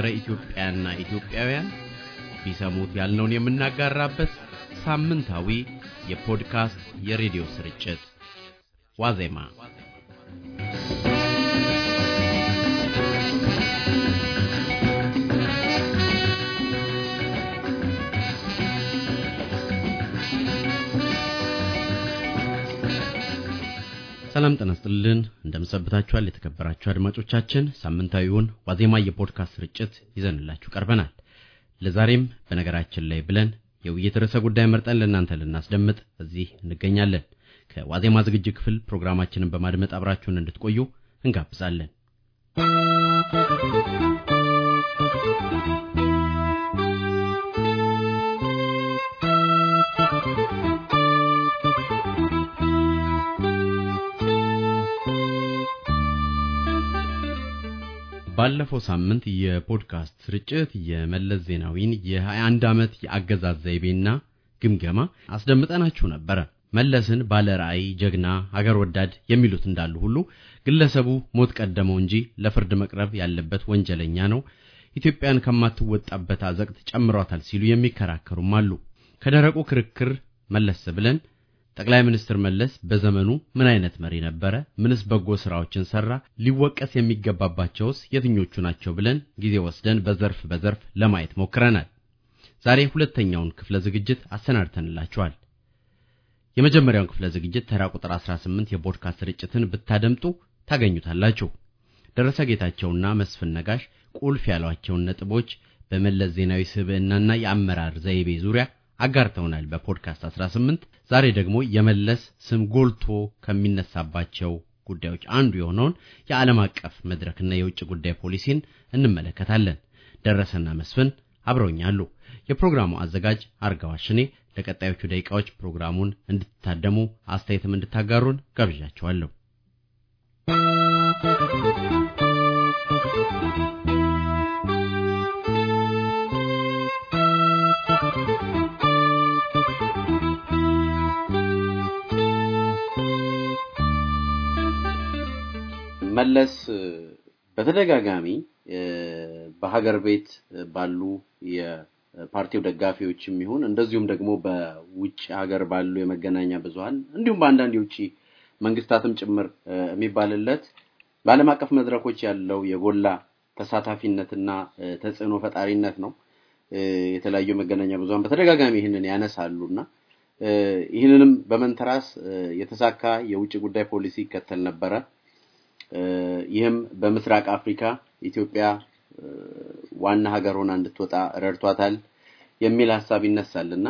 ቸረ ኢትዮጵያና ኢትዮጵያውያን ቢሰሙት ያልነውን የምናጋራበት ሳምንታዊ የፖድካስት የሬዲዮ ስርጭት ዋዜማ ሰላም ጤና ይስጥልን። የተከበራችሁ አድማጮቻችን፣ ሳምንታዊውን ዋዜማ የፖድካስት ስርጭት ይዘንላችሁ ቀርበናል። ለዛሬም በነገራችን ላይ ብለን የውይይት ርዕሰ ጉዳይ መርጠን ለእናንተ ልናስደምጥ እዚህ እንገኛለን። ከዋዜማ ዝግጅት ክፍል ፕሮግራማችንን በማድመጥ አብራችሁን እንድትቆዩ እንጋብዛለን። ባለፈው ሳምንት የፖድካስት ስርጭት የመለስ ዜናዊን የ21 ዓመት የአገዛዝ ዘይቤና ግምገማ አስደምጠናችሁ ነበረ። መለስን ባለ ራዕይ፣ ጀግና፣ ሀገር ወዳድ የሚሉት እንዳሉ ሁሉ ግለሰቡ ሞት ቀደመው እንጂ ለፍርድ መቅረብ ያለበት ወንጀለኛ ነው፣ ኢትዮጵያን ከማትወጣበት አዘቅት ጨምሯታል ሲሉ የሚከራከሩም አሉ። ከደረቁ ክርክር መለስ ብለን ጠቅላይ ሚኒስትር መለስ በዘመኑ ምን አይነት መሪ ነበረ? ምንስ በጎ ስራዎችን ሰራ? ሊወቀስ የሚገባባቸውስ የትኞቹ ናቸው? ብለን ጊዜ ወስደን በዘርፍ በዘርፍ ለማየት ሞክረናል። ዛሬ ሁለተኛውን ክፍለ ዝግጅት አሰናድተንላችኋል። የመጀመሪያውን ክፍለ ዝግጅት ተራ ቁጥር 18 የፖድካስት ስርጭትን ብታደምጡ ታገኙታላችሁ። ደረሰ ጌታቸውና መስፍን ነጋሽ ቁልፍ ያሏቸውን ነጥቦች በመለስ ዜናዊ ስብዕናና የአመራር ዘይቤ ዙሪያ አጋርተውናል በፖድካስት 18። ዛሬ ደግሞ የመለስ ስም ጎልቶ ከሚነሳባቸው ጉዳዮች አንዱ የሆነውን የዓለም አቀፍ መድረክና የውጭ ጉዳይ ፖሊሲን እንመለከታለን። ደረሰና መስፍን አብረውኛሉ። የፕሮግራሙ አዘጋጅ አርጋዋሽኔ። ለቀጣዮቹ ደቂቃዎች ፕሮግራሙን እንድትታደሙ አስተያየትም እንድታጋሩን ጋብዣቸዋለሁ። መለስ በተደጋጋሚ በሀገር ቤት ባሉ የፓርቲው ደጋፊዎችም ይሁን እንደዚሁም ደግሞ በውጭ ሀገር ባሉ የመገናኛ ብዙሀን እንዲሁም በአንዳንድ የውጭ መንግስታትም ጭምር የሚባልለት በአለም አቀፍ መድረኮች ያለው የጎላ ተሳታፊነትና ተጽዕኖ ፈጣሪነት ነው። የተለያዩ መገናኛ ብዙሀን በተደጋጋሚ ይህንን ያነሳሉና ይህንንም በመንተራስ የተሳካ የውጭ ጉዳይ ፖሊሲ ይከተል ነበረ። ይህም በምስራቅ አፍሪካ ኢትዮጵያ ዋና ሀገር ሆና እንድትወጣ ረድቷታል የሚል ሀሳብ ይነሳል እና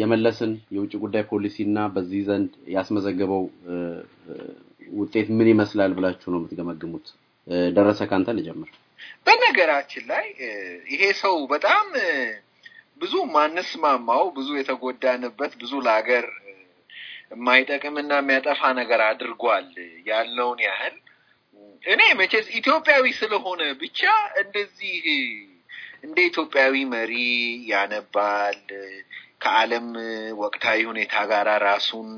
የመለስን የውጭ ጉዳይ ፖሊሲ እና በዚህ ዘንድ ያስመዘገበው ውጤት ምን ይመስላል ብላችሁ ነው የምትገመግሙት? ደረሰ ካንተ ልጀምር። በነገራችን ላይ ይሄ ሰው በጣም ብዙ ማንስማማው፣ ብዙ የተጎዳንበት፣ ብዙ ለሀገር የማይጠቅምና የሚያጠፋ ነገር አድርጓል ያለውን ያህል እኔ መቼስ ኢትዮጵያዊ ስለሆነ ብቻ እንደዚህ እንደ ኢትዮጵያዊ መሪ ያነባል ከአለም ወቅታዊ ሁኔታ ጋር ራሱን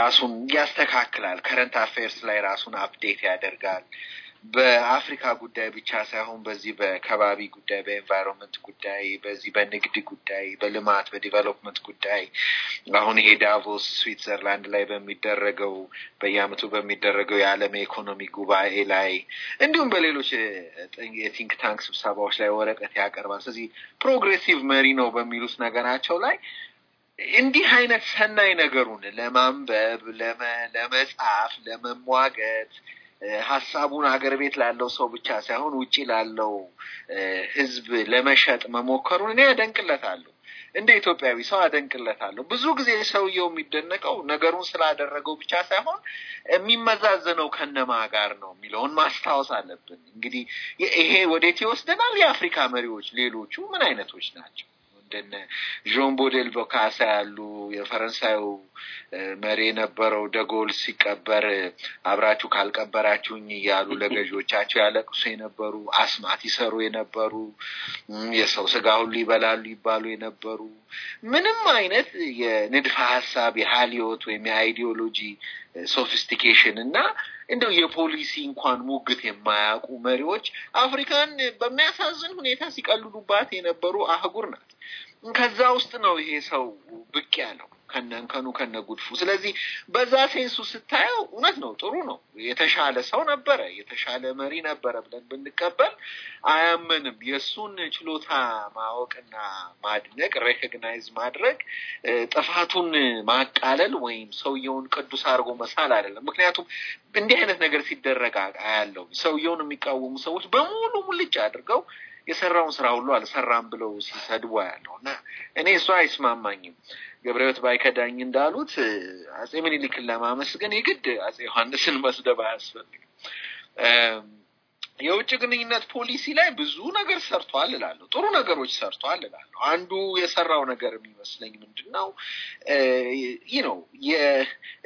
ራሱን ያስተካክላል። ከረንት አፌርስ ላይ ራሱን አፕዴት ያደርጋል። በአፍሪካ ጉዳይ ብቻ ሳይሆን በዚህ በከባቢ ጉዳይ፣ በኤንቫይሮንመንት ጉዳይ፣ በዚህ በንግድ ጉዳይ፣ በልማት በዲቨሎፕመንት ጉዳይ አሁን ይሄ ዳቮስ ስዊትዘርላንድ ላይ በሚደረገው በየዓመቱ በሚደረገው የዓለም የኢኮኖሚ ጉባኤ ላይ እንዲሁም በሌሎች የቲንክ ታንክ ስብሰባዎች ላይ ወረቀት ያቀርባል። ስለዚህ ፕሮግሬሲቭ መሪ ነው በሚሉት ነገራቸው ላይ እንዲህ አይነት ሰናይ ነገሩን ለማንበብ ለመጻፍ፣ ለመሟገት ሀሳቡን አገር ቤት ላለው ሰው ብቻ ሳይሆን ውጭ ላለው ህዝብ ለመሸጥ መሞከሩን እኔ አደንቅለታለሁ። እንደ ኢትዮጵያዊ ሰው አደንቅለታለሁ። ብዙ ጊዜ ሰውየው የሚደነቀው ነገሩን ስላደረገው ብቻ ሳይሆን የሚመዛዘነው ከነማ ጋር ነው የሚለውን ማስታወስ አለብን። እንግዲህ ይሄ ወዴት ይወስደናል? የአፍሪካ መሪዎች ሌሎቹ ምን አይነቶች ናቸው? እንደነ ዦን ቦዴል ቦካሳ ያሉ የፈረንሳዩ መሪ የነበረው ደጎል ሲቀበር አብራችሁ ካልቀበራችሁኝ እያሉ ለገዢዎቻቸው ያለቅሱ የነበሩ አስማት ይሰሩ የነበሩ የሰው ስጋ ሁሉ ይበላሉ ይባሉ የነበሩ ምንም አይነት የንድፈ ሀሳብ የሀሊዮት ወይም የአይዲዮሎጂ ሶፊስቲኬሽን እና እንደው የፖሊሲ እንኳን ሙግት የማያውቁ መሪዎች አፍሪካን በሚያሳዝን ሁኔታ ሲቀልሉባት የነበሩ አህጉር ናት። ከዛ ውስጥ ነው ይሄ ሰው ብቅ ያለው ከነንከኑ ጉድፉ ስለዚህ በዛ ሴንሱ ስታየው እውነት ነው፣ ጥሩ ነው። የተሻለ ሰው ነበረ፣ የተሻለ መሪ ነበረ ብለን ብንቀበል አያመንም። የእሱን ችሎታ ማወቅና ማድነቅ ሬኮግናይዝ ማድረግ ጥፋቱን ማቃለል ወይም ሰውየውን ቅዱስ አድርጎ መሳል አይደለም። ምክንያቱም እንዲህ አይነት ነገር ሲደረግ አያለው። ሰውየውን የሚቃወሙ ሰዎች በሙሉ ሙልጭ አድርገው የሰራውን ስራ ሁሉ አልሰራም ብለው ሲሰድዋ ያለው እና እኔ እሱ አይስማማኝም። ገብረሕይወት ባይከዳኝ እንዳሉት አጼ ምኒልክን ለማመስገን የግድ አጼ ዮሐንስን መስደብ አያስፈልግም። የውጭ ግንኙነት ፖሊሲ ላይ ብዙ ነገር ሰርቷል እላለሁ። ጥሩ ነገሮች ሰርቷል እላለሁ። አንዱ የሰራው ነገር የሚመስለኝ ምንድን ነው ነው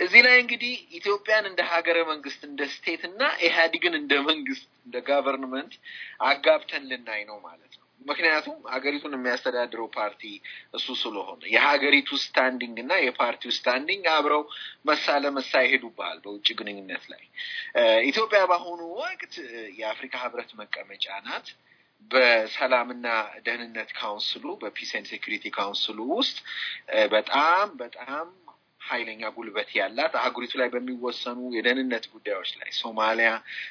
እዚህ ላይ እንግዲህ ኢትዮጵያን እንደ ሀገረ መንግስት እንደ ስቴት እና ኢህአዲግን እንደ መንግስት እንደ ጋቨርንመንት አጋብተን ልናይ ነው ማለት ነው። ምክንያቱም ሀገሪቱን የሚያስተዳድረው ፓርቲ እሱ ስለሆነ የሀገሪቱ ስታንዲንግ እና የፓርቲው ስታንዲንግ አብረው መሳ ለመሳ ይሄዱብሃል በውጭ ግንኙነት ላይ። ኢትዮጵያ በአሁኑ ወቅት የአፍሪካ ህብረት መቀመጫ ናት። በሰላምና ደህንነት ካውንስሉ በፒስ ኤንድ ሴኩሪቲ ካውንስሉ ውስጥ በጣም በጣም ኃይለኛ ጉልበት ያላት አህጉሪቱ ላይ በሚወሰኑ የደህንነት ጉዳዮች ላይ ሶማሊያ፣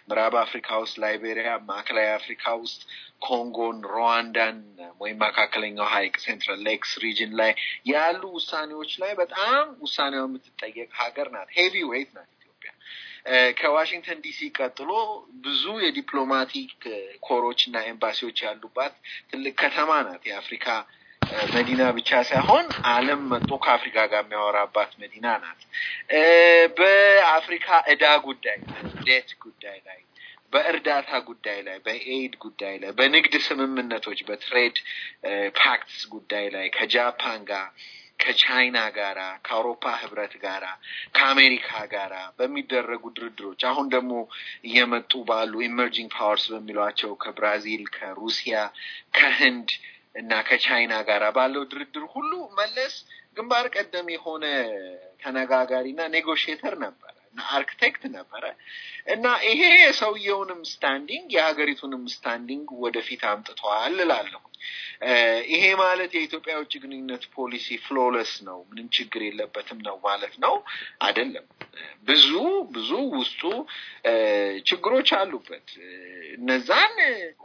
ምዕራብ አፍሪካ ውስጥ ላይቤሪያ፣ ማዕከላዊ አፍሪካ ውስጥ ኮንጎን፣ ሩዋንዳን ወይም መካከለኛው ሐይቅ ሴንትራል ሌክስ ሪጅን ላይ ያሉ ውሳኔዎች ላይ በጣም ውሳኔው የምትጠየቅ ሀገር ናት። ሄቪ ዌይት ናት። ኢትዮጵያ ከዋሽንግተን ዲሲ ቀጥሎ ብዙ የዲፕሎማቲክ ኮሮች እና ኤምባሲዎች ያሉባት ትልቅ ከተማ ናት። የአፍሪካ መዲና ብቻ ሳይሆን ዓለም መጥቶ ከአፍሪካ ጋር የሚያወራባት መዲና ናት። በአፍሪካ እዳ ጉዳይ ዴት ጉዳይ ላይ በእርዳታ ጉዳይ ላይ በኤድ ጉዳይ ላይ በንግድ ስምምነቶች በትሬድ ፓክትስ ጉዳይ ላይ ከጃፓን ጋር ከቻይና ጋራ ከአውሮፓ ህብረት ጋራ ከአሜሪካ ጋራ በሚደረጉ ድርድሮች አሁን ደግሞ እየመጡ ባሉ ኢመርጂንግ ፓወርስ በሚሏቸው ከብራዚል፣ ከሩሲያ፣ ከህንድ እና ከቻይና ጋር ባለው ድርድር ሁሉ መለስ ግንባር ቀደም የሆነ ተነጋጋሪ እና ኔጎሽተር ነበረ። አርክቴክት ነበረ እና ይሄ የሰውየውንም ስታንዲንግ የሀገሪቱንም ስታንዲንግ ወደፊት አምጥተዋል እላለሁ። ይሄ ማለት የኢትዮጵያ የውጭ ግንኙነት ፖሊሲ ፍሎለስ ነው፣ ምንም ችግር የለበትም ነው ማለት ነው አይደለም። ብዙ ብዙ ውስጡ ችግሮች አሉበት። እነዛን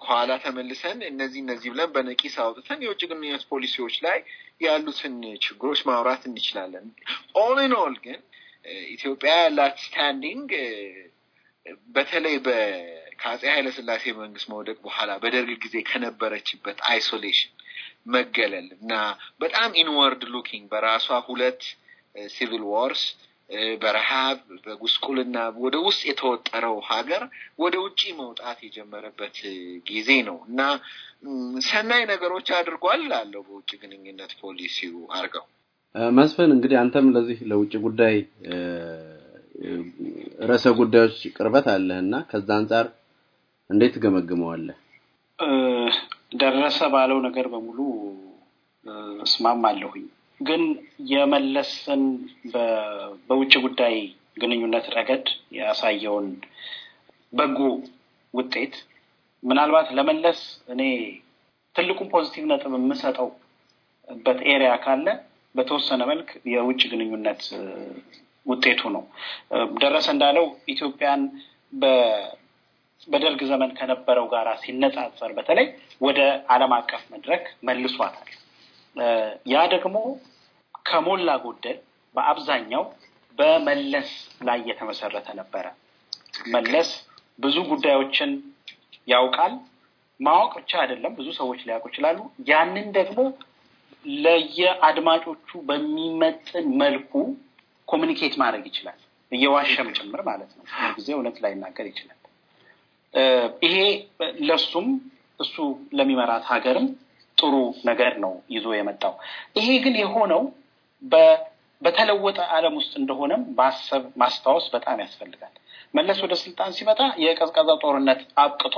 ኋላ ተመልሰን እነዚህ እነዚህ ብለን በነቂስ አውጥተን የውጭ ግንኙነት ፖሊሲዎች ላይ ያሉትን ችግሮች ማውራት እንችላለን። ኦል ኢን ኦል ግን ኢትዮጵያ ያላት ስታንዲንግ በተለይ ከአፄ ኃይለስላሴ መንግስት መውደቅ በኋላ በደርግ ጊዜ ከነበረችበት አይሶሌሽን መገለል እና በጣም ኢንወርድ ሉኪንግ በራሷ ሁለት ሲቪል ዋርስ በረሃብ በጉስቁልና ወደ ውስጥ የተወጠረው ሀገር ወደ ውጭ መውጣት የጀመረበት ጊዜ ነው እና ሰናይ ነገሮች አድርጓል አለው በውጭ ግንኙነት ፖሊሲው አድርገው መስፍን እንግዲህ አንተም ለዚህ ለውጭ ጉዳይ ርዕሰ ጉዳዮች ቅርበት አለህ እና ከዛ አንጻር እንዴት ትገመግመዋለህ? ደረሰ ባለው ነገር በሙሉ እስማም አለሁኝ። ግን የመለስን በውጭ ጉዳይ ግንኙነት ረገድ ያሳየውን በጎ ውጤት ምናልባት ለመለስ እኔ ትልቁን ፖዚቲቭ ነጥብ በት ኤሪያ ካለ በተወሰነ መልክ የውጭ ግንኙነት ውጤቱ ነው። ደረሰ እንዳለው ኢትዮጵያን በደርግ ዘመን ከነበረው ጋር ሲነጻጸር በተለይ ወደ ዓለም አቀፍ መድረክ መልሷታል። ያ ደግሞ ከሞላ ጎደል በአብዛኛው በመለስ ላይ የተመሰረተ ነበረ። መለስ ብዙ ጉዳዮችን ያውቃል። ማወቅ ብቻ አይደለም፣ ብዙ ሰዎች ሊያውቁ ይችላሉ። ያንን ደግሞ ለየአድማጮቹ በሚመጥን መልኩ ኮሚኒኬት ማድረግ ይችላል። እየዋሸም ጭምር ማለት ነው። ጊዜ እውነት ይናገር ይችላል። ይሄ ለሱም እሱ ለሚመራት ሀገርም ጥሩ ነገር ነው ይዞ የመጣው። ይሄ ግን የሆነው በተለወጠ አለም ውስጥ እንደሆነም ማሰብ ማስታወስ በጣም ያስፈልጋል። መለስ ወደ ስልጣን ሲመጣ የቀዝቃዛ ጦርነት አብቅቶ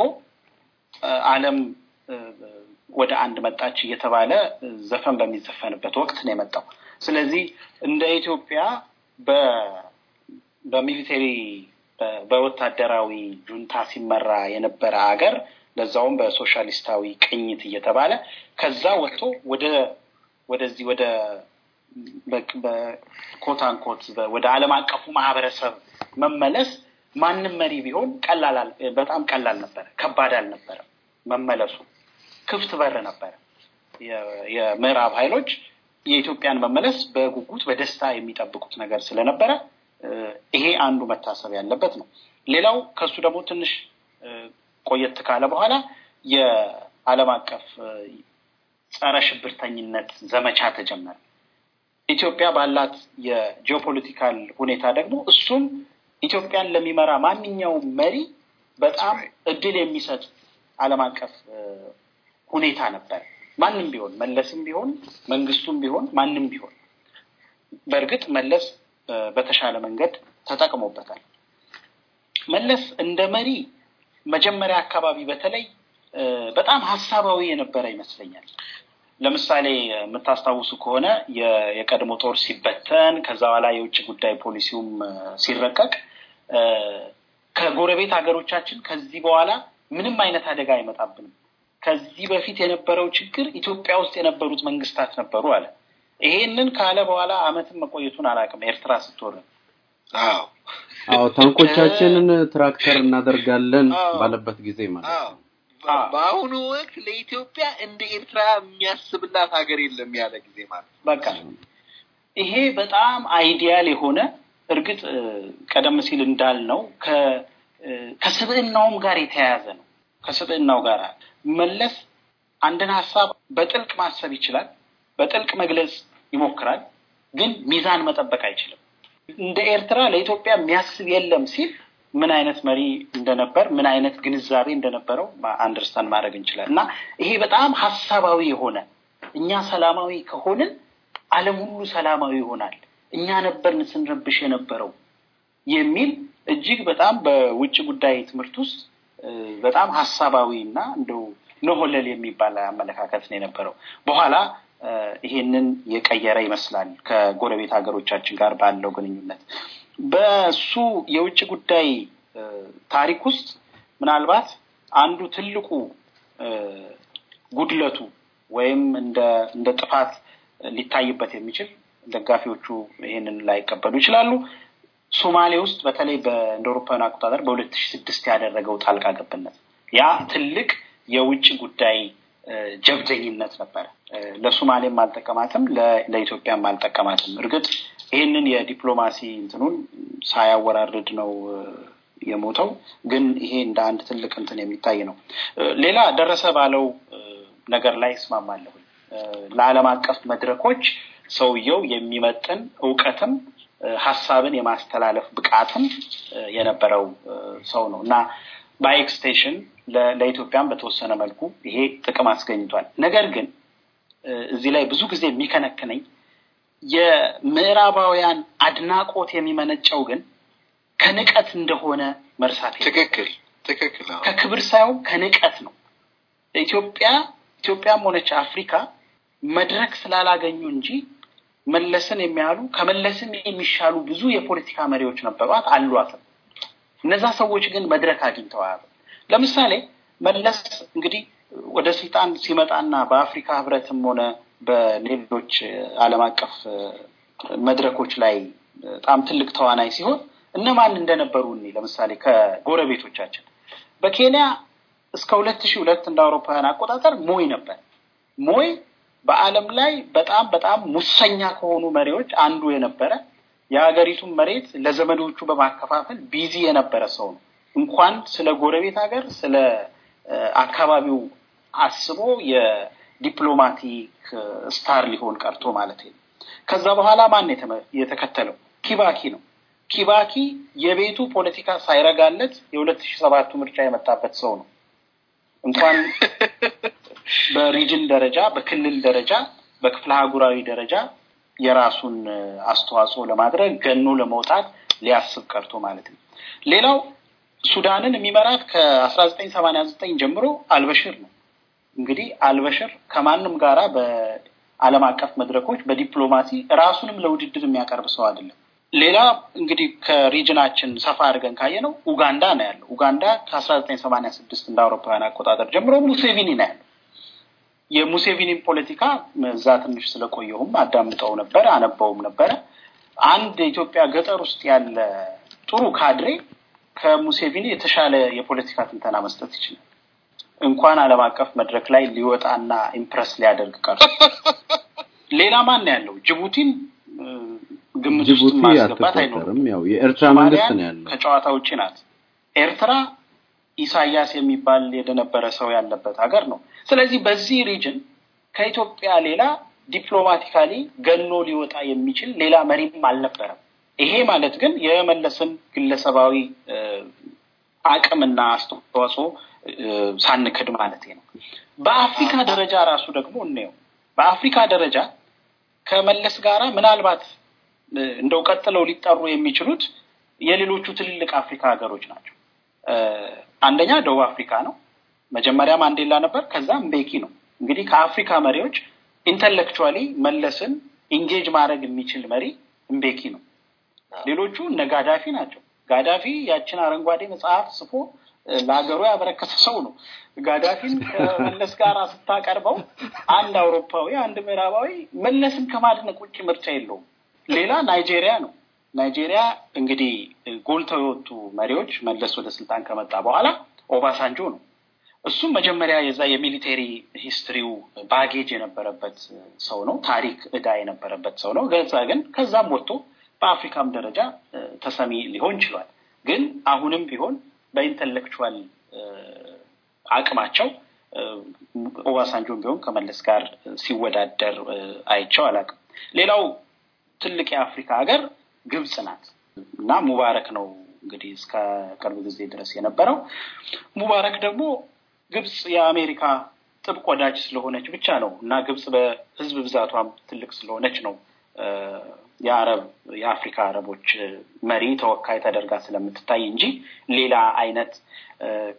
አለም ወደ አንድ መጣች እየተባለ ዘፈን በሚዘፈንበት ወቅት ነው የመጣው። ስለዚህ እንደ ኢትዮጵያ በሚሊተሪ በወታደራዊ ጁንታ ሲመራ የነበረ አገር ለዛውም በሶሻሊስታዊ ቅኝት እየተባለ ከዛ ወጥቶ ወደ ወደዚህ ወደ በኮታንኮት ወደ ዓለም አቀፉ ማህበረሰብ መመለስ ማንም መሪ ቢሆን ቀላል በጣም ቀላል ነበረ፣ ከባድ አልነበረም መመለሱ። ክፍት በር ነበረ። የምዕራብ ኃይሎች የኢትዮጵያን መመለስ በጉጉት በደስታ የሚጠብቁት ነገር ስለነበረ ይሄ አንዱ መታሰብ ያለበት ነው። ሌላው ከሱ ደግሞ ትንሽ ቆየት ካለ በኋላ የዓለም አቀፍ ጸረ ሽብርተኝነት ዘመቻ ተጀመረ። ኢትዮጵያ ባላት የጂኦፖለቲካል ሁኔታ ደግሞ እሱም ኢትዮጵያን ለሚመራ ማንኛውም መሪ በጣም እድል የሚሰጥ ዓለም አቀፍ ሁኔታ ነበር። ማንም ቢሆን መለስም ቢሆን መንግስቱም ቢሆን ማንም ቢሆን በእርግጥ መለስ በተሻለ መንገድ ተጠቅሞበታል። መለስ እንደ መሪ መጀመሪያ አካባቢ በተለይ በጣም ሀሳባዊ የነበረ ይመስለኛል። ለምሳሌ የምታስታውሱ ከሆነ የቀድሞ ጦር ሲበተን ከዛ በኋላ የውጭ ጉዳይ ፖሊሲውም ሲረቀቅ ከጎረቤት ሀገሮቻችን ከዚህ በኋላ ምንም አይነት አደጋ አይመጣብንም ከዚህ በፊት የነበረው ችግር ኢትዮጵያ ውስጥ የነበሩት መንግስታት ነበሩ አለ። ይሄንን ካለ በኋላ አመትን መቆየቱን አላውቅም። ኤርትራ ስትሆን አዎ ታንኮቻችንን ትራክተር እናደርጋለን ባለበት ጊዜ ማለት ነው። በአሁኑ ወቅት ለኢትዮጵያ እንደ ኤርትራ የሚያስብላት ሀገር የለም ያለ ጊዜ ማለት በቃ ይሄ በጣም አይዲያል የሆነ እርግጥ ቀደም ሲል እንዳልነው ከስብዕናውም ጋር የተያያዘ ነው። ከስብናው ጋር መለስ አንድን ሀሳብ በጥልቅ ማሰብ ይችላል፣ በጥልቅ መግለጽ ይሞክራል፣ ግን ሚዛን መጠበቅ አይችልም። እንደ ኤርትራ ለኢትዮጵያ የሚያስብ የለም ሲል ምን አይነት መሪ እንደነበር ምን አይነት ግንዛቤ እንደነበረው አንደርስታንድ ማድረግ እንችላል። እና ይሄ በጣም ሀሳባዊ የሆነ እኛ ሰላማዊ ከሆንን ዓለም ሁሉ ሰላማዊ ይሆናል፣ እኛ ነበርን ስንረብሽ የነበረው የሚል እጅግ በጣም በውጭ ጉዳይ ትምህርት ውስጥ በጣም ሀሳባዊ እና እንደው ነሆለል የሚባል አመለካከት ነው የነበረው። በኋላ ይሄንን የቀየረ ይመስላል ከጎረቤት ሀገሮቻችን ጋር ባለው ግንኙነት። በሱ የውጭ ጉዳይ ታሪክ ውስጥ ምናልባት አንዱ ትልቁ ጉድለቱ ወይም እንደ ጥፋት ሊታይበት የሚችል ደጋፊዎቹ ይህንን ላይቀበሉ ይችላሉ። ሶማሌ ውስጥ በተለይ እንደ አውሮፓውያን አቆጣጠር በሁለት ሺ ስድስት ያደረገው ጣልቃ ገብነት ያ ትልቅ የውጭ ጉዳይ ጀብደኝነት ነበረ። ለሶማሌም አልጠቀማትም፣ ለኢትዮጵያም አልጠቀማትም። እርግጥ ይህንን የዲፕሎማሲ እንትኑን ሳያወራርድ ነው የሞተው ግን ይሄ እንደ አንድ ትልቅ እንትን የሚታይ ነው። ሌላ ደረሰ ባለው ነገር ላይ እስማማለሁ። ለአለም አቀፍ መድረኮች ሰውየው የሚመጥን እውቀትም ሀሳብን የማስተላለፍ ብቃትም የነበረው ሰው ነው እና ባይ ኤክስቴንሽን ለኢትዮጵያም በተወሰነ መልኩ ይሄ ጥቅም አስገኝቷል። ነገር ግን እዚህ ላይ ብዙ ጊዜ የሚከነክነኝ የምዕራባውያን አድናቆት የሚመነጨው ግን ከንቀት እንደሆነ መርሳት ትክክል ትክክል ከክብር ሳይሆን ከንቀት ነው። ኢትዮጵያ ኢትዮጵያም ሆነች አፍሪካ መድረክ ስላላገኙ እንጂ መለስን የሚያሉ ከመለስም የሚሻሉ ብዙ የፖለቲካ መሪዎች ነበሯት አሏትም። እነዛ ሰዎች ግን መድረክ አግኝተዋል። ለምሳሌ መለስ እንግዲህ ወደ ስልጣን ሲመጣና በአፍሪካ ህብረትም ሆነ በሌሎች ዓለም አቀፍ መድረኮች ላይ በጣም ትልቅ ተዋናይ ሲሆን እነማን እንደነበሩ እኔ ለምሳሌ ከጎረቤቶቻችን በኬንያ እስከ ሁለት ሺህ ሁለት እንደ አውሮፓውያን አቆጣጠር ሞይ ነበር። ሞይ በዓለም ላይ በጣም በጣም ሙሰኛ ከሆኑ መሪዎች አንዱ የነበረ የሀገሪቱን መሬት ለዘመዶቹ በማከፋፈል ቢዚ የነበረ ሰው ነው። እንኳን ስለ ጎረቤት ሀገር ስለ አካባቢው አስቦ የዲፕሎማቲክ ስታር ሊሆን ቀርቶ ማለት ነው። ከዛ በኋላ ማን የተከተለው? ኪባኪ ነው። ኪባኪ የቤቱ ፖለቲካ ሳይረጋለት የሁለት ሺ ሰባቱ ምርጫ የመጣበት ሰው ነው። እንኳን በሪጅን ደረጃ በክልል ደረጃ በክፍለ ሀጉራዊ ደረጃ የራሱን አስተዋጽኦ ለማድረግ ገኖ ለመውጣት ሊያስብ ቀርቶ ማለት ነው። ሌላው ሱዳንን የሚመራት ከአስራ ዘጠኝ ዘጠኝ ጀምሮ አልበሽር ነው። እንግዲህ አልበሽር ከማንም ጋራ በአለም አቀፍ መድረኮች በዲፕሎማሲ ራሱንም ለውድድር የሚያቀርብ ሰው አይደለም። ሌላ እንግዲህ ከሪጅናችን ሰፋ አድርገን ካየ ነው ኡጋንዳ ነው ያለው። ኡጋንዳ ከአስራ ዘጠኝ ስድስት እንደ አውሮፓውያን አቆጣጠር ጀምሮ ሙሴቪኒ ነው ያለው። የሙሴቪኒን ፖለቲካ እዛ ትንሽ ስለቆየሁም አዳምጠው ነበረ፣ አነበውም ነበረ። አንድ የኢትዮጵያ ገጠር ውስጥ ያለ ጥሩ ካድሬ ከሙሴቪኒ የተሻለ የፖለቲካ ትንተና መስጠት ይችላል። እንኳን አለም አቀፍ መድረክ ላይ ሊወጣና ኢምፕረስ ሊያደርግ ቀር ሌላ ማን ያለው ጅቡቲን ግምት ውስጥ ማስገባት አይኖርም። ያው የኤርትራ መንግስት ነው ያለው፣ ከጨዋታ ውጭ ናት ኤርትራ ኢሳያስ የሚባል የደነበረ ሰው ያለበት ሀገር ነው። ስለዚህ በዚህ ሪጅን ከኢትዮጵያ ሌላ ዲፕሎማቲካሊ ገኖ ሊወጣ የሚችል ሌላ መሪም አልነበረም። ይሄ ማለት ግን የመለስን ግለሰባዊ አቅምና አስተዋጽኦ ሳንክድ ማለት ነው። በአፍሪካ ደረጃ ራሱ ደግሞ እንየው። በአፍሪካ ደረጃ ከመለስ ጋር ምናልባት እንደው ቀጥለው ሊጠሩ የሚችሉት የሌሎቹ ትልልቅ አፍሪካ ሀገሮች ናቸው። አንደኛ ደቡብ አፍሪካ ነው። መጀመሪያ ማንዴላ ነበር፣ ከዛ ምቤኪ ነው። እንግዲህ ከአፍሪካ መሪዎች ኢንተሌክቹዋሊ መለስን ኢንጌጅ ማድረግ የሚችል መሪ እምቤኪ ነው። ሌሎቹ እነ ጋዳፊ ናቸው። ጋዳፊ ያችን አረንጓዴ መጽሐፍ ጽፎ ለሀገሩ ያበረከተ ሰው ነው። ጋዳፊን ከመለስ ጋር ስታቀርበው አንድ አውሮፓዊ፣ አንድ ምዕራባዊ መለስን ከማድነቅ ውጭ ምርጫ የለውም። ሌላ ናይጄሪያ ነው። ናይጄሪያ እንግዲህ ጎልተው የወጡ መሪዎች መለስ ወደ ስልጣን ከመጣ በኋላ ኦባሳንጆ ነው። እሱም መጀመሪያ የዛ የሚሊቴሪ ሂስትሪው ባጌጅ የነበረበት ሰው ነው። ታሪክ እዳ የነበረበት ሰው ነው። ገዛ ግን ከዛም ወጥቶ በአፍሪካም ደረጃ ተሰሚ ሊሆን ይችሏል። ግን አሁንም ቢሆን በኢንተሌክቹዋል አቅማቸው ኦባሳንጆን ቢሆን ከመለስ ጋር ሲወዳደር አይቸው አላቅም ሌላው ትልቅ የአፍሪካ ሀገር ግብጽ ናት እና ሙባረክ ነው እንግዲህ እስከ ቅርብ ጊዜ ድረስ የነበረው። ሙባረክ ደግሞ ግብጽ የአሜሪካ ጥብቅ ወዳጅ ስለሆነች ብቻ ነው እና ግብጽ በህዝብ ብዛቷም ትልቅ ስለሆነች ነው የአረብ የአፍሪካ አረቦች መሪ ተወካይ ተደርጋ ስለምትታይ እንጂ ሌላ አይነት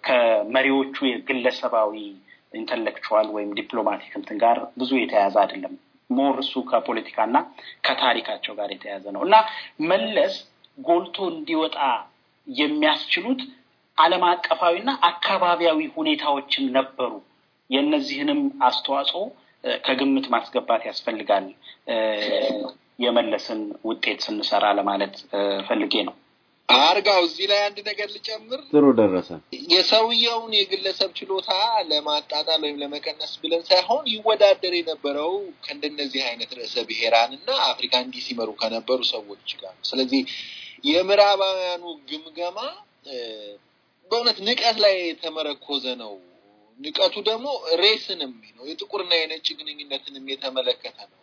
ከመሪዎቹ የግለሰባዊ ኢንተሌክቹዋል ወይም ዲፕሎማቲክ እንትን ጋር ብዙ የተያያዘ አይደለም ሞር እሱ ከፖለቲካና ከታሪካቸው ጋር የተያዘ ነው እና መለስ ጎልቶ እንዲወጣ የሚያስችሉት ዓለም አቀፋዊና አካባቢያዊ ሁኔታዎችም ነበሩ። የእነዚህንም አስተዋጽኦ ከግምት ማስገባት ያስፈልጋል የመለስን ውጤት ስንሰራ ለማለት ፈልጌ ነው። አርጋው እዚህ ላይ አንድ ነገር ልጨምር። ጥሩ ደረሰ። የሰውየውን የግለሰብ ችሎታ ለማጣጣል ወይም ለመቀነስ ብለን ሳይሆን ይወዳደር የነበረው ከእንደነዚህ አይነት ርዕሰ ብሔራን እና አፍሪካን እንዲህ ሲመሩ ከነበሩ ሰዎች ጋር። ስለዚህ የምዕራባውያኑ ግምገማ በእውነት ንቀት ላይ የተመረኮዘ ነው። ንቀቱ ደግሞ ሬስንም ነው የጥቁርና የነጭ ግንኙነትንም የተመለከተ ነው።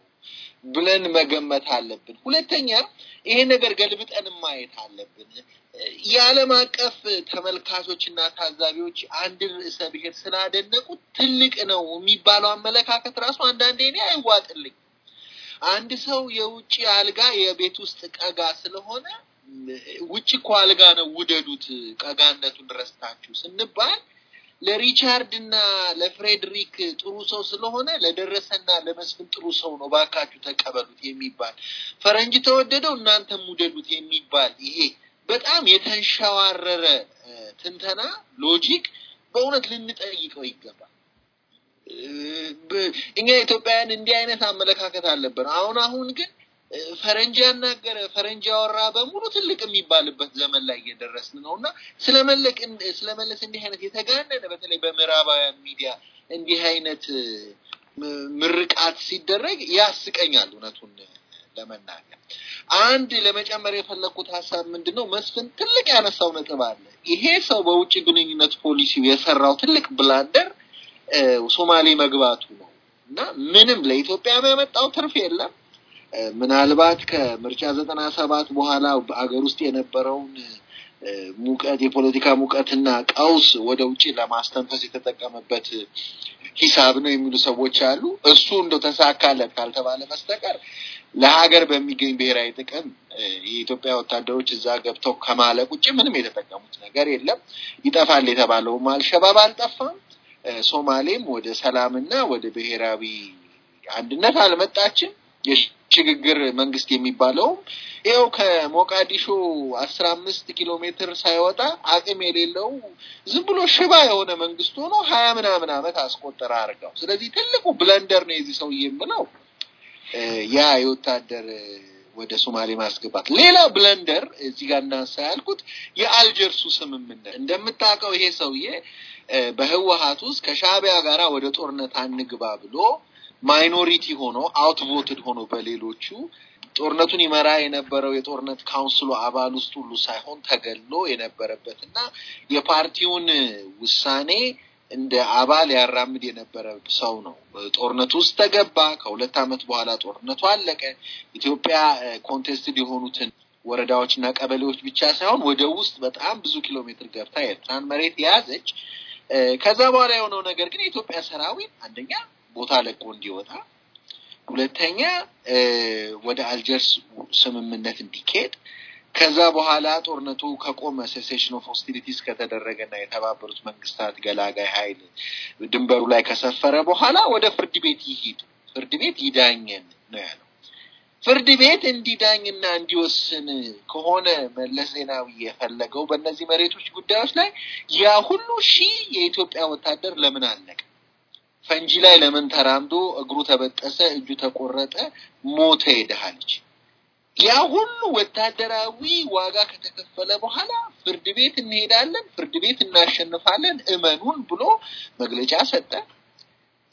ብለን መገመት አለብን። ሁለተኛ ይሄ ነገር ገልብጠን ማየት አለብን። የዓለም አቀፍ ተመልካቾችና ታዛቢዎች አንድ ርዕሰ ብሔር ስላደነቁት ትልቅ ነው የሚባለው አመለካከት ራሱ አንዳንዴ እኔ አይዋጥልኝ። አንድ ሰው የውጭ አልጋ የቤት ውስጥ ቀጋ ስለሆነ ውጭ እኮ አልጋ ነው ውደዱት፣ ቀጋነቱን ረስታችሁ ስንባል ለሪቻርድ እና ለፍሬድሪክ ጥሩ ሰው ስለሆነ ለደረሰና ለመስፍን ጥሩ ሰው ነው፣ ባካችሁ ተቀበሉት የሚባል ፈረንጅ ተወደደው እናንተም ውደዱት የሚባል ይሄ በጣም የተንሸዋረረ ትንተና ሎጂክ በእውነት ልንጠይቀው ይገባል። እኛ ኢትዮጵያውያን እንዲህ አይነት አመለካከት አለብን። አሁን አሁን ግን ፈረንጅ ያናገረ ፈረንጅ ያወራ በሙሉ ትልቅ የሚባልበት ዘመን ላይ እየደረስን ነው እና ስለመለስ እንዲህ አይነት የተጋነነ በተለይ በምዕራባውያን ሚዲያ እንዲህ አይነት ምርቃት ሲደረግ ያስቀኛል። እውነቱን ለመናገር አንድ ለመጨመር የፈለግኩት ሀሳብ ምንድን ነው፣ መስፍን ትልቅ ያነሳው ነጥብ አለ። ይሄ ሰው በውጭ ግንኙነት ፖሊሲው የሰራው ትልቅ ብላንደር ሶማሌ መግባቱ ነው እና ምንም ለኢትዮጵያ ያመጣው ትርፍ የለም ምናልባት ከምርጫ ዘጠና ሰባት በኋላ በአገር ውስጥ የነበረውን ሙቀት የፖለቲካ ሙቀትና ቀውስ ወደ ውጭ ለማስተንፈስ የተጠቀመበት ሂሳብ ነው የሚሉ ሰዎች አሉ። እሱ እንደው ተሳካለት ካልተባለ በስተቀር ለሀገር በሚገኝ ብሔራዊ ጥቅም የኢትዮጵያ ወታደሮች እዛ ገብተው ከማለቅ ውጭ ምንም የተጠቀሙት ነገር የለም። ይጠፋል የተባለውም አልሸባብ አልጠፋም። ሶማሌም ወደ ሰላምና ወደ ብሔራዊ አንድነት አልመጣችም። ሽግግር መንግስት የሚባለው ይኸው ከሞቃዲሾ አስራ አምስት ኪሎ ሜትር ሳይወጣ አቅም የሌለው ዝም ብሎ ሽባ የሆነ መንግስት ሆኖ ሀያ ምናምን ዓመት አስቆጠረ አድርገው። ስለዚህ ትልቁ ብለንደር ነው የዚህ ሰው የምለው ያ የወታደር ወደ ሶማሌ ማስገባት። ሌላ ብለንደር እዚህ ጋር እናንሳ ያልኩት የአልጀርሱ ስምምነት እንደምታውቀው ይሄ ሰውዬ በህወሀት ውስጥ ከሻቢያ ጋር ወደ ጦርነት አንግባ ብሎ ማይኖሪቲ ሆኖ አውትቮትድ ሆኖ በሌሎቹ ጦርነቱን ይመራ የነበረው የጦርነት ካውንስሉ አባል ውስጥ ሁሉ ሳይሆን ተገሎ የነበረበት እና የፓርቲውን ውሳኔ እንደ አባል ያራምድ የነበረ ሰው ነው። ጦርነቱ ውስጥ ተገባ። ከሁለት ዓመት በኋላ ጦርነቱ አለቀ። ኢትዮጵያ ኮንቴስትድ የሆኑትን ወረዳዎች እና ቀበሌዎች ብቻ ሳይሆን ወደ ውስጥ በጣም ብዙ ኪሎ ሜትር ገብታ የኤርትራን መሬት የያዘች። ከዛ በኋላ የሆነው ነገር ግን የኢትዮጵያ ሰራዊት አንደኛ ቦታ ለቆ እንዲወጣ፣ ሁለተኛ ወደ አልጀርስ ስምምነት እንዲካሄድ፣ ከዛ በኋላ ጦርነቱ ከቆመ ሴሴሽን ኦፍ ሆስቲሊቲስ ከተደረገና የተባበሩት መንግስታት ገላጋይ ኃይል ድንበሩ ላይ ከሰፈረ በኋላ ወደ ፍርድ ቤት ይሂድ፣ ፍርድ ቤት ይዳኘን ነው ያለው። ፍርድ ቤት እንዲዳኝና እንዲወስን ከሆነ መለስ ዜናዊ የፈለገው በእነዚህ መሬቶች ጉዳዮች ላይ ያ ሁሉ ሺህ የኢትዮጵያ ወታደር ለምን አለቀ? ፈንጂ ላይ ለምን ተራምዶ እግሩ ተበጠሰ፣ እጁ ተቆረጠ፣ ሞተ የድሃ ያ ሁሉ ወታደራዊ ዋጋ ከተከፈለ በኋላ ፍርድ ቤት እንሄዳለን፣ ፍርድ ቤት እናሸንፋለን፣ እመኑን ብሎ መግለጫ ሰጠ።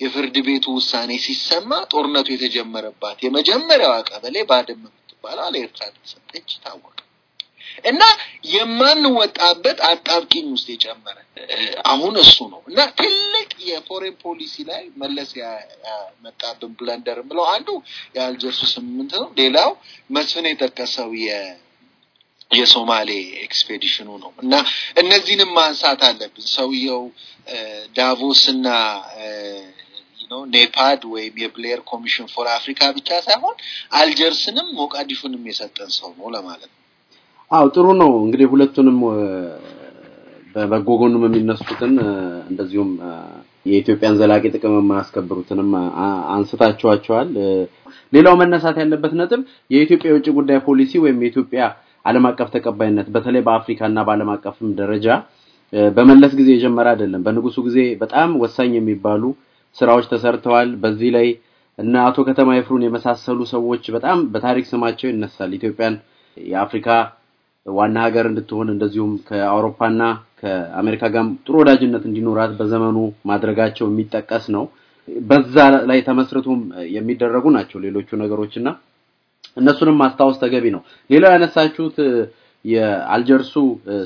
የፍርድ ቤቱ ውሳኔ ሲሰማ ጦርነቱ የተጀመረባት የመጀመሪያዋ ቀበሌ ባድመ የምትባለው ለኤርትራ ተሰጠች፣ ታወቀ። እና የማንወጣበት አጣብቂኝ ውስጥ የጨመረ አሁን እሱ ነው እና ትልቅ የፎሬን ፖሊሲ ላይ መለስ ያመጣብን ብለንደር ብለው አንዱ የአልጀርሱ ስምምንት ነው። ሌላው መስፍን የጠቀሰው የሶማሌ ኤክስፔዲሽኑ ነው እና እነዚህንም ማንሳት አለብን። ሰውየው ዳቮስ እና ነው ኔፓድ ወይም የብሌየር ኮሚሽን ፎር አፍሪካ ብቻ ሳይሆን አልጀርስንም ሞቃዲሹንም የሰጠን ሰው ነው ለማለት ነው። አው ጥሩ ነው እንግዲህ ሁለቱንም በበጎጎኑም የሚነሱትን እንደዚሁም የኢትዮጵያን ዘላቂ ጥቅም የማያስከብሩትንም አንስታቸዋቸዋል። ሌላው መነሳት ያለበት ነጥብ የኢትዮጵያ የውጭ ጉዳይ ፖሊሲ ወይም የኢትዮጵያ ዓለም አቀፍ ተቀባይነት በተለይ በአፍሪካና በአለም አቀፍም ደረጃ በመለስ ጊዜ የጀመረ አይደለም። በንጉሱ ጊዜ በጣም ወሳኝ የሚባሉ ስራዎች ተሰርተዋል። በዚህ ላይ እና አቶ ከተማ ይፍሩን የመሳሰሉ ሰዎች በጣም በታሪክ ስማቸው ይነሳል። ኢትዮጵያን የአፍሪካ ዋና ሀገር እንድትሆን እንደዚሁም ከአውሮፓና ከአሜሪካ ጋር ጥሩ ወዳጅነት እንዲኖራት በዘመኑ ማድረጋቸው የሚጠቀስ ነው። በዛ ላይ ተመስርቶም የሚደረጉ ናቸው ሌሎቹ ነገሮች እና እነሱንም ማስታወስ ተገቢ ነው። ሌላው ያነሳችሁት የአልጀርሱ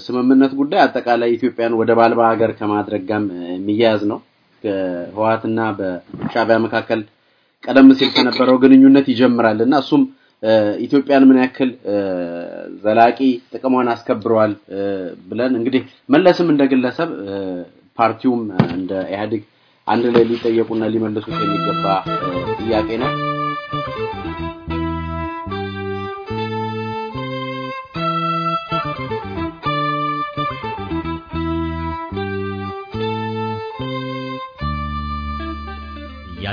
ስምምነት ጉዳይ አጠቃላይ ኢትዮጵያን ወደ ባልባ ሀገር ከማድረግ ጋር የሚያያዝ ነው። በህወሓትና በሻዕቢያ መካከል ቀደም ሲል ከነበረው ግንኙነት ይጀምራል እና እሱም ኢትዮጵያን ምን ያክል ዘላቂ ጥቅሟን አስከብረዋል ብለን እንግዲህ መለስም እንደ ግለሰብ ፓርቲውም እንደ ኢህአዴግ አንድ ላይ ሊጠየቁና ሊመልሱት የሚገባ ጥያቄ ነው።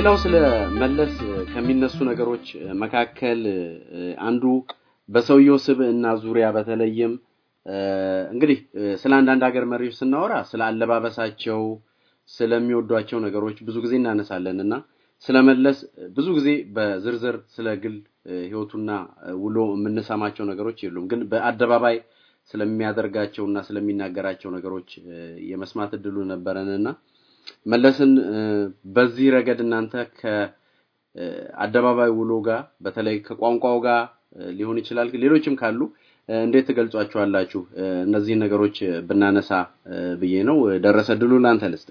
ሌላው ስለ መለስ ከሚነሱ ነገሮች መካከል አንዱ በሰውየው እና ዙሪያ በተለይም እንግዲህ ስለ አንዳንድ ሀገር መሪዎች ስናወራ ስለ አለባበሳቸው ስለሚወዷቸው ነገሮች ብዙ ጊዜ እናነሳለን እና ስለመለስ ብዙ ጊዜ በዝርዝር ስለ ግል ህይወቱና ውሎ የምንሰማቸው ነገሮች የሉም። ግን በአደባባይ ስለሚያደርጋቸውና ስለሚናገራቸው ነገሮች የመስማት እድሉ ነበረንና መለስን በዚህ ረገድ እናንተ ከአደባባይ ውሎ ጋር በተለይ ከቋንቋው ጋር ሊሆን ይችላል፣ ሌሎችም ካሉ እንዴት ትገልጿቸዋላችሁ? እነዚህን ነገሮች ብናነሳ ብዬ ነው። ደረሰ ድሉ ለአንተ ልስጥ።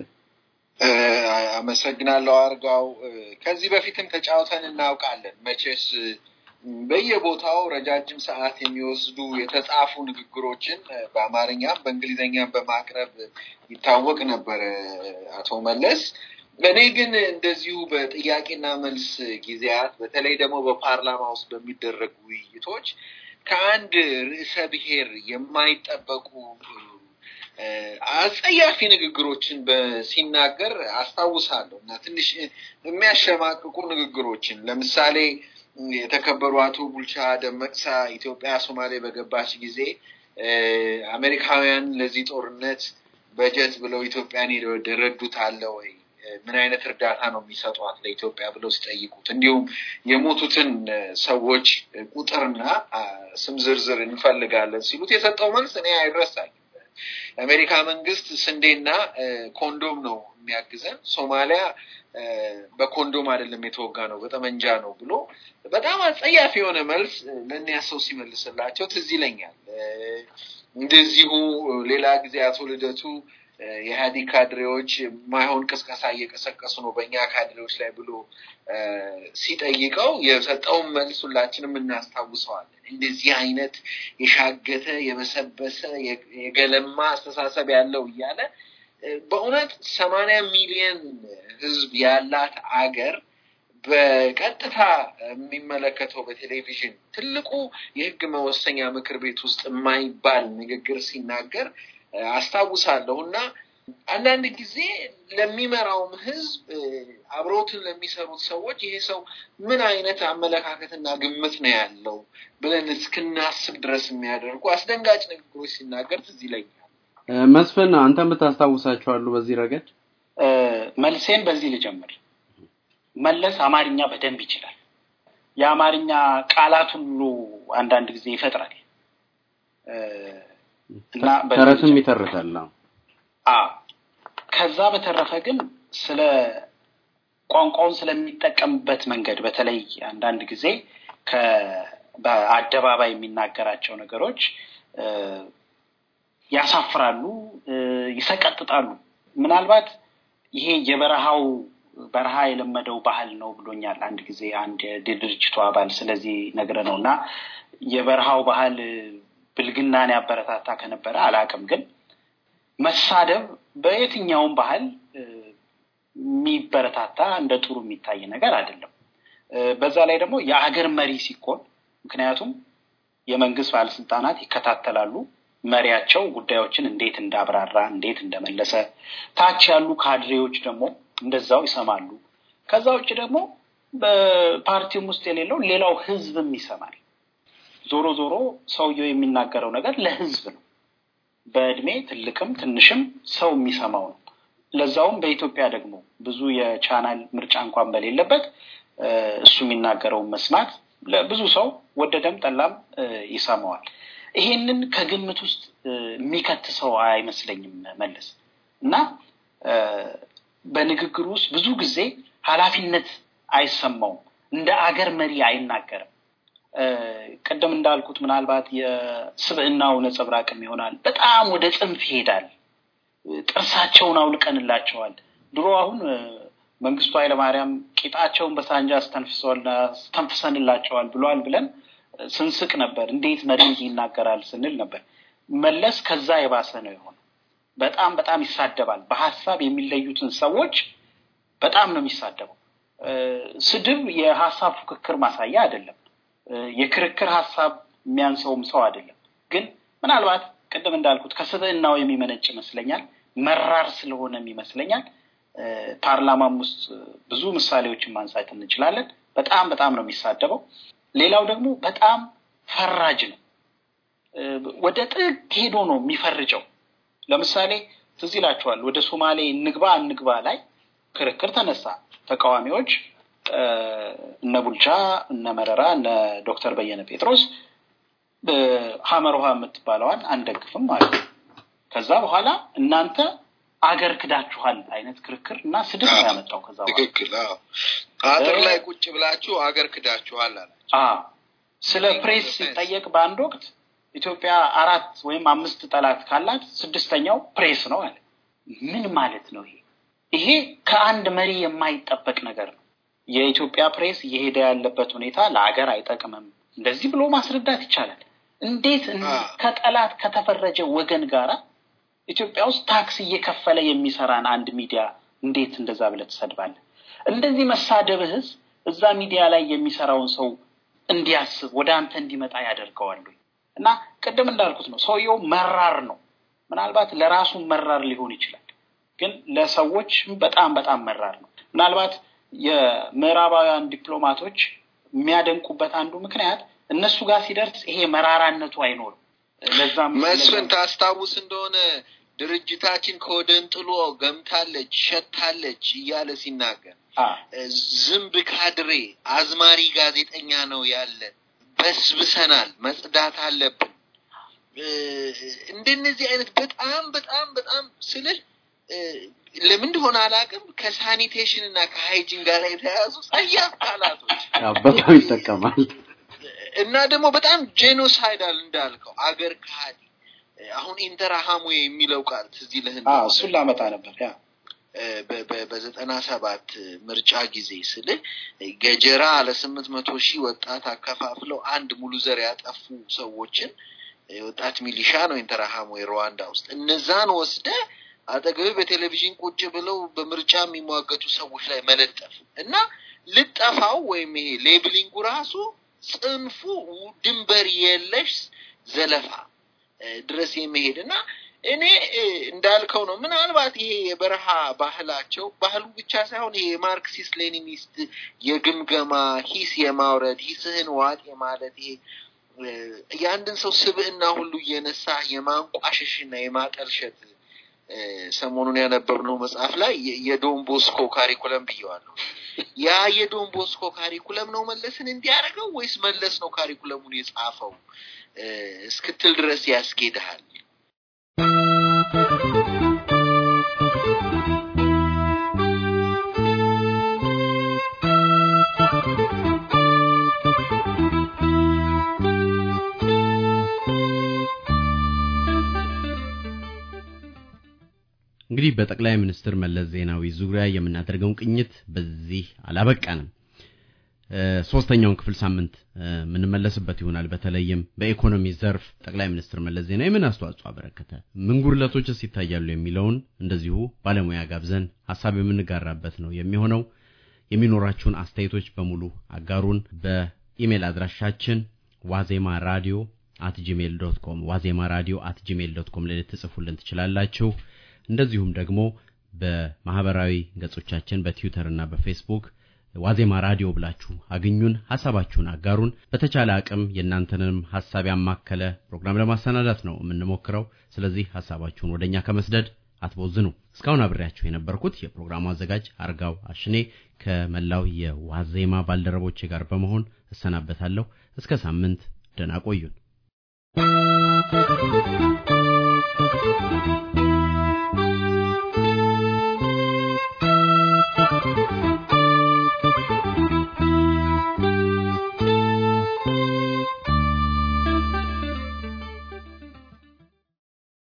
አመሰግናለሁ አርጋው። ከዚህ በፊትም ተጫውተን እናውቃለን መቼስ በየቦታው ረጃጅም ሰዓት የሚወስዱ የተጻፉ ንግግሮችን በአማርኛም በእንግሊዝኛም በማቅረብ ይታወቅ ነበር አቶ መለስ። እኔ ግን እንደዚሁ በጥያቄና መልስ ጊዜያት በተለይ ደግሞ በፓርላማ ውስጥ በሚደረጉ ውይይቶች ከአንድ ርዕሰ ብሔር የማይጠበቁ አጸያፊ ንግግሮችን ሲናገር አስታውሳለሁ እና ትንሽ የሚያሸማቅቁ ንግግሮችን ለምሳሌ የተከበሩ አቶ ቡልቻ ደመቅሳ ኢትዮጵያ ሶማሌ በገባች ጊዜ አሜሪካውያን ለዚህ ጦርነት በጀት ብለው ኢትዮጵያን የረዱት አለ ወይ? ምን አይነት እርዳታ ነው የሚሰጧት ለኢትዮጵያ ብለው ሲጠይቁት፣ እንዲሁም የሞቱትን ሰዎች ቁጥርና ስም ዝርዝር እንፈልጋለን ሲሉት የሰጠው መልስ እኔ አይረሳል። የአሜሪካ መንግስት ስንዴና ኮንዶም ነው የሚያግዘን ሶማሊያ በኮንዶም አይደለም የተወጋ ነው በጠመንጃ ነው ብሎ በጣም አጸያፊ የሆነ መልስ ለእኒያ ሰው ሲመልስላቸው ትዝ ይለኛል። እንደዚሁ ሌላ ጊዜ አቶ ልደቱ የኢህአዲግ ካድሬዎች ማይሆን ቅስቀሳ እየቀሰቀሱ ነው በእኛ ካድሬዎች ላይ ብሎ ሲጠይቀው የሰጠውን መልስ ሁላችንም እናስታውሰዋለን። እንደዚህ አይነት የሻገተ የበሰበሰ የገለማ አስተሳሰብ ያለው እያለ በእውነት ሰማንያ ሚሊዮን ህዝብ ያላት አገር በቀጥታ የሚመለከተው በቴሌቪዥን ትልቁ የህግ መወሰኛ ምክር ቤት ውስጥ የማይባል ንግግር ሲናገር አስታውሳለሁ እና አንዳንድ ጊዜ ለሚመራውም ህዝብ አብሮትን ለሚሰሩት ሰዎች ይሄ ሰው ምን አይነት አመለካከትና ግምት ነው ያለው ብለን እስክናስብ ድረስ የሚያደርጉ አስደንጋጭ ንግግሮች ሲናገር ትዝ ይለኛል። መስፍን አንተም አሉ በዚህ ረገድ መልሴን በዚህ ልጀምር። መለስ አማርኛ በደንብ ይችላል። የአማርኛ ቃላት ሁሉ አንዳንድ ጊዜ ይፈጥራል እና ተረትም ይተርታል። ከዛ በተረፈ ግን ስለ ቋንቋውን ስለሚጠቀምበት መንገድ በተለይ አንዳንድ ጊዜ በአደባባይ የሚናገራቸው ነገሮች ያሳፍራሉ፣ ይሰቀጥጣሉ። ምናልባት ይሄ የበረሃው በረሃ የለመደው ባህል ነው ብሎኛል አንድ ጊዜ አንድ ድርጅቱ አባል ስለዚህ ነግረ ነው እና የበረሃው ባህል ብልግናን ያበረታታ ከነበረ አላውቅም፣ ግን መሳደብ በየትኛውም ባህል የሚበረታታ እንደ ጥሩ የሚታይ ነገር አይደለም። በዛ ላይ ደግሞ የአገር መሪ ሲኮን ምክንያቱም የመንግስት ባለስልጣናት ይከታተላሉ መሪያቸው ጉዳዮችን እንዴት እንዳብራራ፣ እንዴት እንደመለሰ፣ ታች ያሉ ካድሬዎች ደግሞ እንደዛው ይሰማሉ። ከዛ ውጭ ደግሞ በፓርቲውም ውስጥ የሌለው ሌላው ህዝብም ይሰማል። ዞሮ ዞሮ ሰውየው የሚናገረው ነገር ለህዝብ ነው። በእድሜ ትልቅም ትንሽም ሰው የሚሰማው ነው። ለዛውም በኢትዮጵያ ደግሞ ብዙ የቻናል ምርጫ እንኳን በሌለበት እሱ የሚናገረውን መስማት ለብዙ ሰው ወደደም ጠላም ይሰማዋል። ይሄንን ከግምት ውስጥ የሚከት ሰው አይመስለኝም መለስ እና በንግግር ውስጥ ብዙ ጊዜ ኃላፊነት አይሰማውም። እንደ አገር መሪ አይናገርም። ቅድም እንዳልኩት ምናልባት የስብዕናው ነጸብራቅም ይሆናል። በጣም ወደ ጽንፍ ይሄዳል። ጥርሳቸውን አውልቀንላቸዋል። ድሮ አሁን መንግስቱ ኃይለማርያም ቂጣቸውን በሳንጃ አስተንፍሰንላቸዋል ብሏል ብለን ስንስቅ ነበር። እንዴት መሪ ይናገራል ስንል ነበር። መለስ ከዛ የባሰ ነው የሆነ። በጣም በጣም ይሳደባል። በሀሳብ የሚለዩትን ሰዎች በጣም ነው የሚሳደበው። ስድብ የሀሳብ ፉክክር ማሳያ አይደለም። የክርክር ሀሳብ የሚያንሰውም ሰው አይደለም። ግን ምናልባት ቅድም እንዳልኩት ከስብዕናው የሚመነጭ ይመስለኛል። መራር ስለሆነም ይመስለኛል። ፓርላማም ውስጥ ብዙ ምሳሌዎችን ማንሳት እንችላለን። በጣም በጣም ነው የሚሳደበው። ሌላው ደግሞ በጣም ፈራጅ ነው። ወደ ጥግ ሄዶ ነው የሚፈርጀው። ለምሳሌ ትዝ ይላችኋል፣ ወደ ሶማሌ ንግባ እንግባ ላይ ክርክር ተነሳ። ተቃዋሚዎች እነ ቡልቻ፣ እነ መረራ፣ እነ ዶክተር በየነ ጴጥሮስ ሀመር ውሃ የምትባለዋን አንደግፍም ማለት ነው። ከዛ በኋላ እናንተ አገር ክዳችኋል አይነት ክርክር እና ስድብ ነው ያመጣው። ከዛ ትክክል አጥር ላይ ቁጭ ብላችሁ አገር ክዳችኋል አለ። ስለ ፕሬስ ሲጠየቅ በአንድ ወቅት ኢትዮጵያ አራት ወይም አምስት ጠላት ካላት ስድስተኛው ፕሬስ ነው አለ። ምን ማለት ነው ይሄ? ይሄ ከአንድ መሪ የማይጠበቅ ነገር ነው። የኢትዮጵያ ፕሬስ እየሄደ ያለበት ሁኔታ ለአገር አይጠቅምም እንደዚህ ብሎ ማስረዳት ይቻላል። እንዴት ከጠላት ከተፈረጀ ወገን ጋራ ኢትዮጵያ ውስጥ ታክስ እየከፈለ የሚሰራን አንድ ሚዲያ እንዴት እንደዛ ብለህ ትሰድባለህ? እንደዚህ መሳደብህስ እዛ ሚዲያ ላይ የሚሰራውን ሰው እንዲያስብ ወደ አንተ እንዲመጣ ያደርገዋሉ። እና ቅድም እንዳልኩት ነው፣ ሰውየው መራር ነው። ምናልባት ለራሱ መራር ሊሆን ይችላል፣ ግን ለሰዎች በጣም በጣም መራር ነው። ምናልባት የምዕራባውያን ዲፕሎማቶች የሚያደንቁበት አንዱ ምክንያት እነሱ ጋር ሲደርስ ይሄ መራራነቱ አይኖርም። ለዛም መስፍን ታስታውስ እንደሆነ ድርጅታችን ከወደን ጥሎ ገምታለች፣ ሸታለች እያለ ሲናገር ዝንብ ካድሬ አዝማሪ ጋዜጠኛ ነው ያለ በስብሰናል፣ መጽዳት አለብን። እንደነዚህ አይነት በጣም በጣም በጣም ስልል ለምን እንደሆነ አላቅም ከሳኒቴሽን እና ከሃይጂን ጋር የተያያዙ ጸያፍ ቃላቶች በጣም ይጠቀማል እና ደግሞ በጣም ጄኖሳይዳል እንዳልከው አገር ካህዲ አሁን ኢንተራሃሙ የሚለው ቃል ትዝ ይልህ እሱን ላመጣ ነበር። ያ በዘጠና ሰባት ምርጫ ጊዜ ስል ገጀራ ለስምንት መቶ ሺህ ወጣት አከፋፍለው አንድ ሙሉ ዘር ያጠፉ ሰዎችን ወጣት ሚሊሻ ነው ኢንተራሃሙ ሩዋንዳ ውስጥ እነዛን ወስደ አጠገብ በቴሌቪዥን ቁጭ ብለው በምርጫ የሚሟገቱ ሰዎች ላይ መለጠፍ እና ልጠፋው ወይም ይሄ ሌብሊንጉ ራሱ ጽንፉ ድንበር የለሽ ዘለፋ ድረስ የመሄድ እና እኔ እንዳልከው ነው። ምናልባት ይሄ የበረሃ ባህላቸው ባህሉ ብቻ ሳይሆን ይሄ የማርክሲስት ሌኒኒስት የግምገማ ሂስ የማውረድ ሂስህን ዋጥ የማለት ይሄ የአንድን ሰው ስብዕና ሁሉ እየነሳ የማንቋሸሽና የማጠልሸት ሰሞኑን ያነበብነው መጽሐፍ ላይ የዶንቦስኮ ቦስኮ ካሪኩለም ብየዋለሁ። ያ የዶንቦስኮ ቦስኮ ካሪኩለም ነው መለስን እንዲያደርገው ወይስ መለስ ነው ካሪኩለሙን የጻፈው? እስክትል ድረስ ያስኬድሃል። እንግዲህ በጠቅላይ ሚኒስትር መለስ ዜናዊ ዙሪያ የምናደርገውን ቅኝት በዚህ አላበቃንም። ሶስተኛውን ክፍል ሳምንት የምንመለስበት ይሆናል። በተለይም በኢኮኖሚ ዘርፍ ጠቅላይ ሚኒስትር መለስ ዜናዊ ምን አስተዋጽኦ አበረከተ፣ ምን ጉድለቶችስ ይታያሉ የሚለውን እንደዚሁ ባለሙያ ጋብዘን ሀሳብ የምንጋራበት ነው የሚሆነው። የሚኖራችሁን አስተያየቶች በሙሉ አጋሩን። በኢሜል አድራሻችን ዋዜማ ራዲዮ አት ጂሜል ዶት ኮም ዋዜማ ራዲዮ አት ጂሜል ዶት ኮም ላይ ልትጽፉልን ትችላላችሁ። እንደዚሁም ደግሞ በማህበራዊ ገጾቻችን በትዊተር እና በፌስቡክ ዋዜማ ራዲዮ ብላችሁ አግኙን፣ ሐሳባችሁን አጋሩን። በተቻለ አቅም የእናንተንም ሐሳብ ያማከለ ፕሮግራም ለማሰናዳት ነው የምንሞክረው። ስለዚህ ሐሳባችሁን ወደ እኛ ከመስደድ አትቦዝኑ። እስካሁን አብሬያችሁ የነበርኩት የፕሮግራሙ አዘጋጅ አርጋው አሽኔ ከመላው የዋዜማ ባልደረቦቼ ጋር በመሆን እሰናበታለሁ። እስከ ሳምንት ደህና ቆዩን።